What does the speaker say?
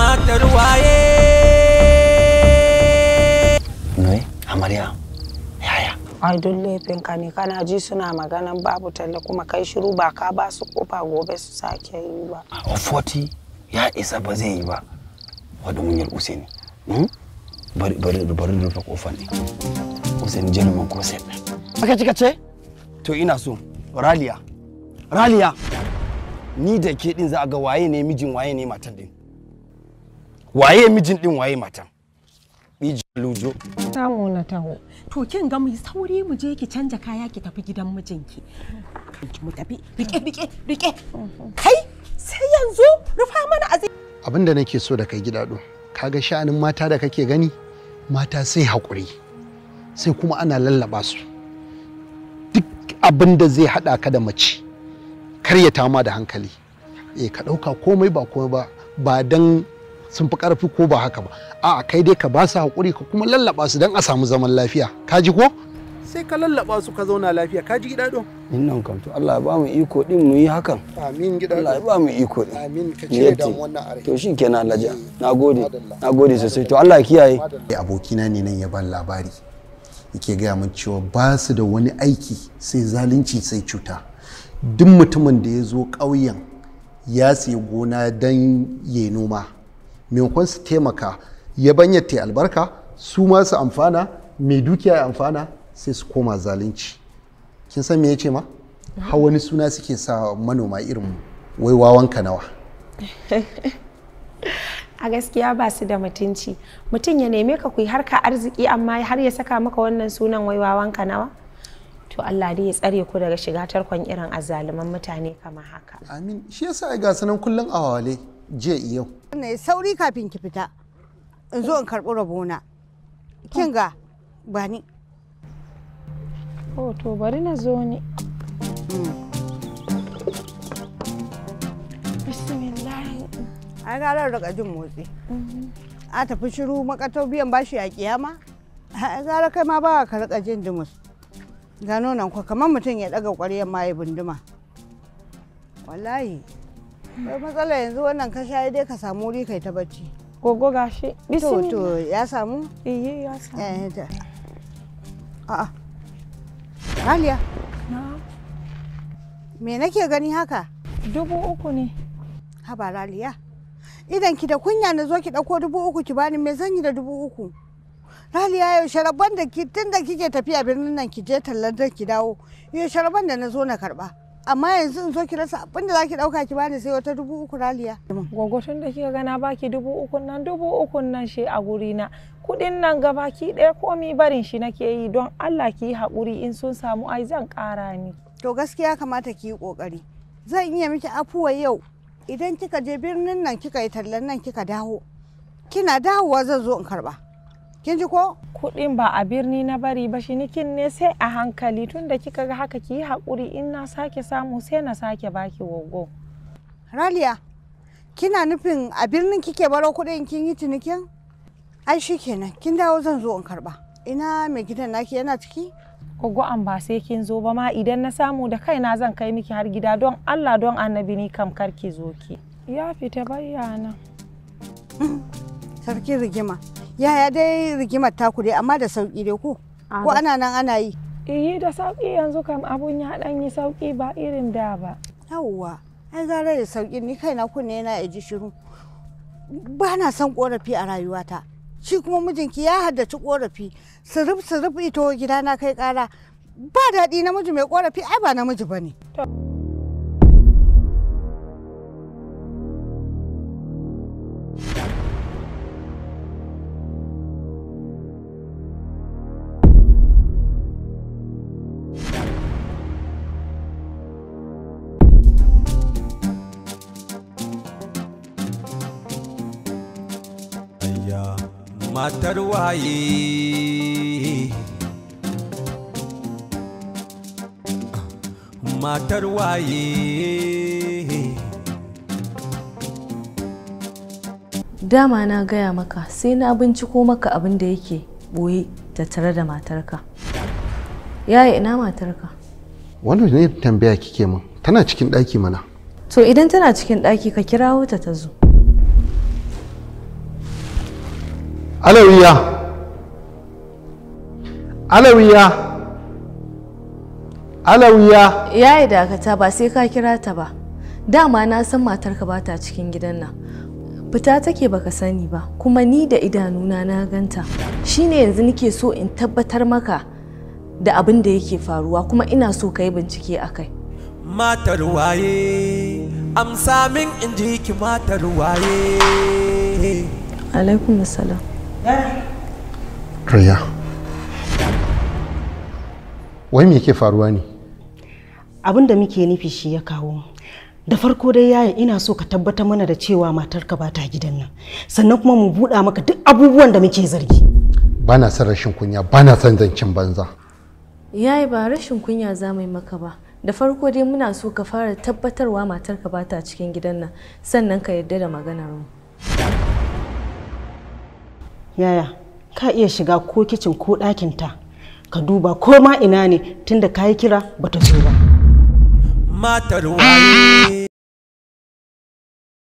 matar waye Noi, amarya yaya ai don laifinka ne kana ji suna maganan babu talle kuma kai shiru ba ka ba su kofa gobe su sake yi ba a 40 ya isa ba zai yi ba wadda munyar usaini hmm? bari bari bari rufe kofar ne usaini jarumin ko sai aka ci kace? to ina so raliya raliya ni da ke din za a ga waye ne mijin waye ne matan din waye mijin din waye matan miji lujo samu na taho to kin ga mu sauri mu je ki canja kaya ki tafi gidan mijinki ki mu tafi rike rike rike kai sai yanzu rufa mana azai abinda nake so da kai gida gidado kaga sha'anin mata da kake gani mata sai hakuri sai kuma ana lallaba su duk abin da zai haɗa ka da mace karyata tama da hankali eh ka ɗauka komai ba komai ba ba dan sun fi karfi ko ba haka ba a'a kai dai ka ba su haƙuri ka kuma lallaba su don a samu zaman lafiya ka ji ko sai ka lallaba su ka zauna lafiya ka ji gidado innan kam to Allah ya ba mu iko din mu yi hakan amin gidado Allah ya ba mu iko din amin ka ce da wannan are to shikenan Alhaji nagode nagode sosai to Allah ya kiyaye abokina ne nan ya ban labari yake gaya min cewa ba su da wani aiki sai zalunci sai cuta duk mutumin da ya zo ƙauyen ya sai gona don ya noma maimakon su taimaka ya ta albarka su ma amfana mai dukiya ya amfana sai su koma zalunci kin san me ya ce ma ha wani suna suke sa manoma irin wai wawanka nawa a gaskiya ba su da mutunci mutum ya neme ka kuyi harka arziki amma har ya saka maka wannan sunan wai waiwawanka nawa to Allah dai ya tsare ku daga shiga tarkon irin azzaluman mutane kamar haka amin shi yasa ga sanan kullun awale je yau ne sauri kafin ki fita in zo in karɓi rabona kin ga ba ni oh, to bari na zo ni ai gara daga jin motsi mhm. a tafi shiru makatau biyan bashi a kiyama ai gara kai ma ba ka rika jin dumus gano nan kwa kamar mutum ya daga ƙwaryar ma ya bunduma wallahi Bai matsala yanzu wannan ka shayi dai ka samu wuri kai ta bacci. Gogo gashi. To to ya samu? Iye ya samu. Eh ta. Eh, A'a. Aliya. Na. Me nake gani haka? Dubu uku ne. Haba Raliya. Idan ki da kunya na zo ki dauko dubu uku ki bani me zan yi da dubu uku? Raliya yau sharaban da ki tun da kike tafiya birnin nan ki je tallar da ki dawo. Yau sharaban da na zo na karba. amma yanzu in so ki rasa abin da zaki dauka ki bani sai wata dubu uku raliya gogo tun da kika gana baki dubu uku nan dubu uku nan shi a guri na kudin nan gabaki ɗaya komi barin shi nake yi don Allah ki yi hakuri in sun samu ai zan kara ni to gaskiya kamata ki yi ƙoƙari zan iya miki afuwa yau idan kika je birnin nan kika yi tallan nan kika dawo kina dawowa zan zo in karba kin ji ko kuɗin ba a birni na bari ba shi nikin ne sai a hankali tunda kika ga haka ki yi haƙuri in na sake samu sai na sake baki wogo raliya kina nufin a birnin kike baro kudin kin yi cinikin ai shi kenan kin dawo zan zo in karɓa ina mai gidan naki yana ciki Gogo an ba sai kin zo ba ma idan na samu da kaina zan kai miki har gida don Allah don annabi ni kam ki zo ki. Ya fita bayyana. Sarki rigima. Yaya dai rigimar taku dai amma da sauki dai ko? Ko ana nan ana yi? Eh da sauki yanzu kam abun ya dan yi sauki ba irin da ba. Yawwa, ai gara da sauki ni kai na kunne na ji shiru. Ba na son korafi a rayuwata. Shi kuma mijinki ya haddaci korafi. Sirif sirif ito gidana kai kara. Ba daɗi namiji mai korafi ai ba namiji bane. ne. matar waye matar waye dama na gaya maka sai na binciko maka abin da yake ɓoye tattare da matarka yaya ina matarka wannan ne tambaya kike min tana cikin ɗaki mana to idan tana cikin ɗaki ka kirawo ta ta zo alawiya alawiya alawiya ya yi dakata ba sai ka kira ta ba dama na san matarka ba ta cikin gidan nan fita take baka sani ba kuma ni da idanuna na ganta shine yanzu nake so in tabbatar maka da abin da yake faruwa kuma ina so ka yi bincike a kai matar waye amsa min ki matar waye alaikum salam Raya. Wai me yake faruwa ne? Abin da muke nufi shi ya kawo. Da farko dai yaya ina so ka tabbatar mana da cewa matarka ba ta gidan nan. Sannan kuma mu buɗa maka duk abubuwan da muke zargi. Ba son rashin kunya, ba son zancen banza. Yayi ba rashin kunya za mu yi maka ba. Da farko dai muna so ka fara tabbatarwa matarka ba ta cikin gidan nan, sannan ka yarda da maganar mu. yaya ka iya shiga ko kicin ko ɗakinta ka duba ko ma ina ne tunda ka yi kira bata zo ba matar waye